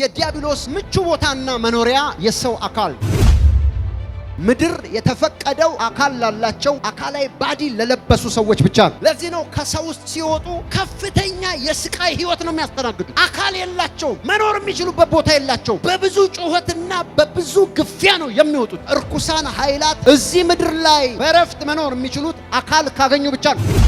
የዲያብሎስ ምቹ ቦታና መኖሪያ የሰው አካል ምድር የተፈቀደው አካል ላላቸው አካላዊ ባዲ ለለበሱ ሰዎች ብቻ ነው። ለዚህ ነው ከሰው ውስጥ ሲወጡ ከፍተኛ የስቃይ ህይወት ነው የሚያስተናግዱ። አካል የላቸውም፣ መኖር የሚችሉበት ቦታ የላቸውም። በብዙ ጩኸትና በብዙ ግፊያ ነው የሚወጡት። እርኩሳን ኃይላት እዚህ ምድር ላይ በእረፍት መኖር የሚችሉት አካል ካገኙ ብቻ ነው።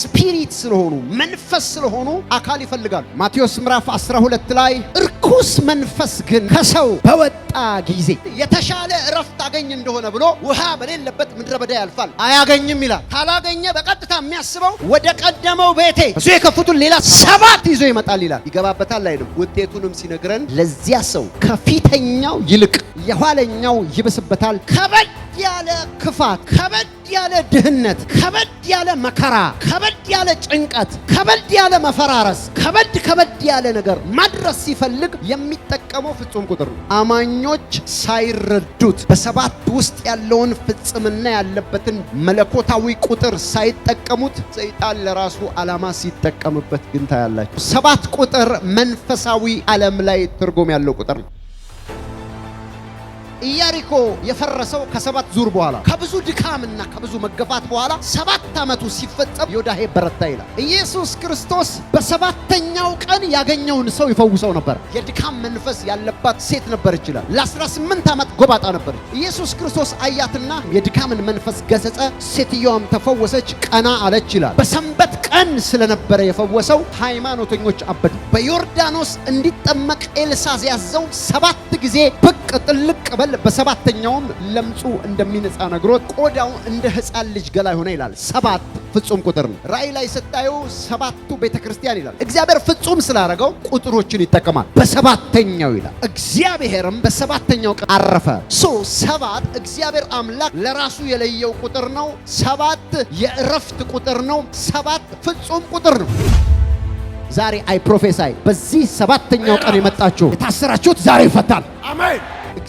ስፒሪት ስለሆኑ መንፈስ ስለሆኑ አካል ይፈልጋሉ። ማቴዎስ ምዕራፍ 12 ላይ እርኩስ መንፈስ ግን ከሰው በወጣ ጊዜ የተሻለ እረፍት አገኝ እንደሆነ ብሎ ውሃ በሌለበት ምድረ በዳ ያልፋል አያገኝም ይላል። ካላገኘ በቀጥታ የሚያስበው ወደ ቀደመው ቤቴ እሱ የከፉትን ሌላ ሰባት ይዞ ይመጣል ይላል። ይገባበታል አይልም። ውጤቱንም ሲነግረን ለዚያ ሰው ከፊተኛው ይልቅ የኋለኛው ይብስበታል። ከበድ ያለ ክፋት ከበድ ያለ ድህነት፣ ከበድ ያለ መከራ፣ ከበድ ያለ ጭንቀት፣ ከበድ ያለ መፈራረስ፣ ከበድ ከበድ ያለ ነገር ማድረስ ሲፈልግ የሚጠቀመው ፍጹም ቁጥር ነው። አማኞች ሳይረዱት በሰባት ውስጥ ያለውን ፍጽምና ያለበትን መለኮታዊ ቁጥር ሳይጠቀሙት ሰይጣን ለራሱ ዓላማ ሲጠቀምበት ግን ታያላችሁ። ሰባት ቁጥር መንፈሳዊ ዓለም ላይ ትርጉም ያለው ቁጥር ነው። ኢያሪኮ የፈረሰው ከሰባት ዙር በኋላ ከብዙ ድካምና ከብዙ መገፋት በኋላ ሰባት ዓመቱ ሲፈጸም ዮዳሄ በረታ ይላል። ኢየሱስ ክርስቶስ በሰባተኛው ቀን ያገኘውን ሰው ይፈውሰው ነበር። የድካም መንፈስ ያለባት ሴት ነበር ይችላል። ለ18 ዓመት ጎባጣ ነበር። ኢየሱስ ክርስቶስ አያትና የድካምን መንፈስ ገሰጸ። ሴትየዋም ተፈወሰች፣ ቀና አለች ይላል። በሰንበት ቀን ስለነበረ የፈወሰው ሃይማኖተኞች አበዱ። በዮርዳኖስ እንዲጠመቅ ኤልሳዕ ያዘው ሰባት ጊዜ ብቅ ጥልቅ በል ሰባተኛውም ለምጹ እንደሚነጻ ነግሮት ቆዳው እንደ ሕፃን ልጅ ገላ ሆነ ይላል። ሰባት ፍጹም ቁጥር ነው። ራእይ ላይ ስታዩ ሰባቱ ቤተ ክርስቲያን ይላል። እግዚአብሔር ፍጹም ስላደረገው ቁጥሮችን ይጠቀማል። በሰባተኛው ይላል። እግዚአብሔርም በሰባተኛው ቀን አረፈ። ሶ ሰባት እግዚአብሔር አምላክ ለራሱ የለየው ቁጥር ነው። ሰባት የእረፍት ቁጥር ነው። ሰባት ፍጹም ቁጥር ነው። ዛሬ አይ ፕሮፌሳይ በዚህ ሰባተኛው ቀን የመጣችሁ የታሰራችሁት ዛሬ ይፈታል። አሜን።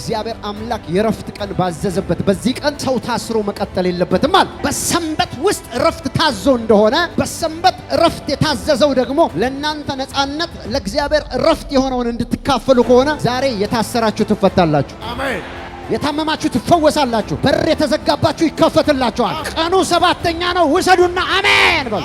እግዚአብሔር አምላክ የረፍት ቀን ባዘዘበት በዚህ ቀን ሰው ታስሮ መቀጠል የለበትም አለ። በሰንበት ውስጥ ረፍት ታዞ እንደሆነ በሰንበት ረፍት የታዘዘው ደግሞ ለእናንተ ነፃነት ለእግዚአብሔር ረፍት የሆነውን እንድትካፈሉ ከሆነ ዛሬ የታሰራችሁ ትፈታላችሁ። አሜን። የታመማችሁ ትፈወሳላችሁ። በር የተዘጋባችሁ ይከፈትላችኋል። ቀኑ ሰባተኛ ነው። ውሰዱና አሜን በሉ።